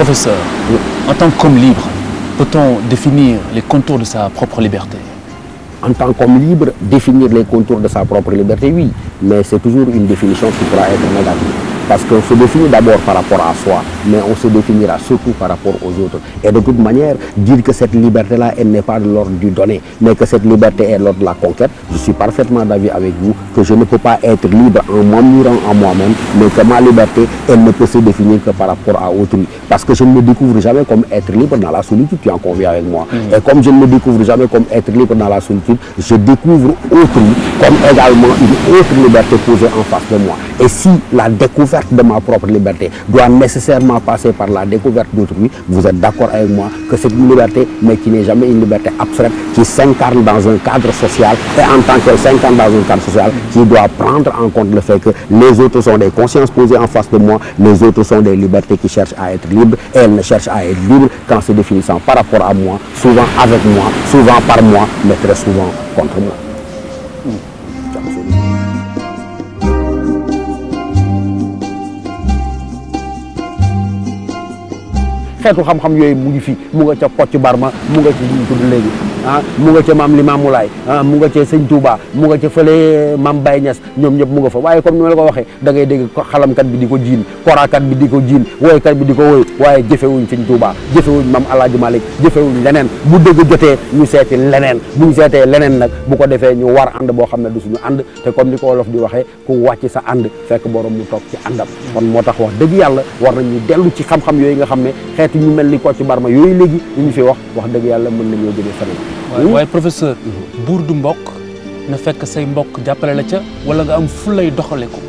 Professeur, oui. en tant qu'homme libre, peut-on définir les contours de sa propre liberté En tant qu'homme libre, définir les contours de sa propre liberté, oui, mais c'est toujours une définition qui pourra être parce qu'on se définit d'abord par rapport à soi, mais on se définira surtout par rapport aux autres. Et de toute manière, dire que cette liberté-là, elle n'est pas de l'ordre du donné, mais que cette liberté est l'ordre de la conquête, je suis parfaitement d'avis avec vous que je ne peux pas être libre en m'emmurant en moi-même, la solitude, tu en conviens avec moi. Mm. Et comme je ne me découvre jamais comme être libre dans la solitude, je découvre autrui Et si la découverte de ma propre liberté doit nécessairement passer par la découverte d'autrui, vous êtes d'accord avec moi que c'est une liberté, mais qui n'est jamais une liberté abstraite, qui s'incarne dans un cadre social, et en tant qu'elle s'incarne dans un cadre social, qui doit prendre en compte le fait que les autres sont des consciences posées en face de moi, les autres sont des libertés qui cherchent à être libres, et elles ne cherchent à être libres qu'en se définissant par rapport à moi, souvent avec moi, souvent par moi, mais très souvent contre moi. Mmh. xeetu xam-xam yooyu mu ngi fi mu nga ca Kocc Barma mu nga ci ñu léegi ah mu nga ca maam Limaamu Laay ah, mu nga ca sëñ Touba mu nga ca fële maam bay Niass ñoom ñëpp mu nga fa waaye comme ni ma ko waxee da ngay dégg xalamkat bi di ko jiin koraakat bi di ko jiin woykat bi di ko woy waaye jëfewuñ sëñ Touba jëfewuñ maam Alaaji Malick jëfewuñ leneen bu dëgg jotee ñu seeti leneen bu ñu leneen nag bu ko defee ñu war ànd boo xam ne du ànd te ni ko wolof di waxee ku wàcc sa ànd fekk borom mu toog ci àndam kon moo tax wax dëgg yàlla war nañu dellu ci xam yooyu nga xam ne xeeti ñu mel ni Kocc Barma yooyu léegi ñu fi wax wax dëgg yàlla mën nañoo jógee feneen waaye professeur buur du mbokk na fekk say mbokk jàppale la ca wala nga am fu lay doxale ko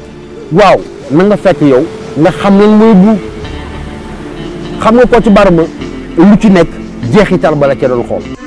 waaw na nga fekk yow nga xam lan mooy buur xam nga ko ci barma lu ci nekk jeexital bala ca doon xool